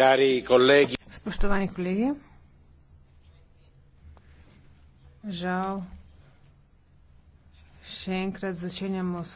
cari colleghi. Spoštovani kolegi, žal še enkrat začenjamo s